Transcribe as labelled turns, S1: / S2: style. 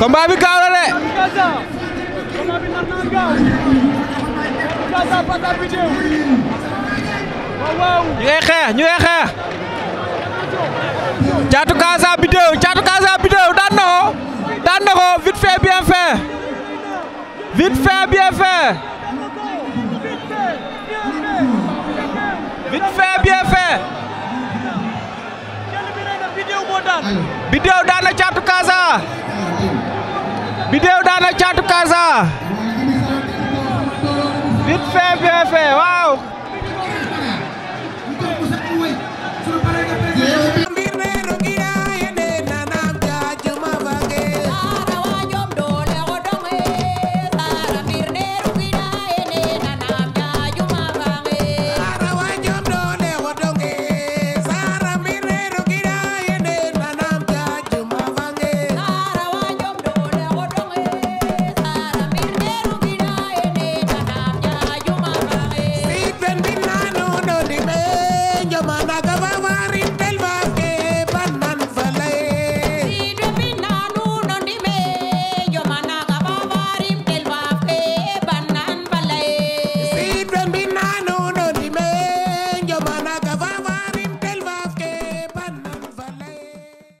S1: combat bi gaaw la de. ñu ngay xeex ñu ngay xeex. Thiatou Casa Bidew Thiatou Casa Bidew daan na ko daan na ko vite fait bien fait vite fait bien fait. vite fait bien fait. Bidéew daan na Caatu Kaasa Bidéew daan na Caatu Kaasa vite fait bien fait waaw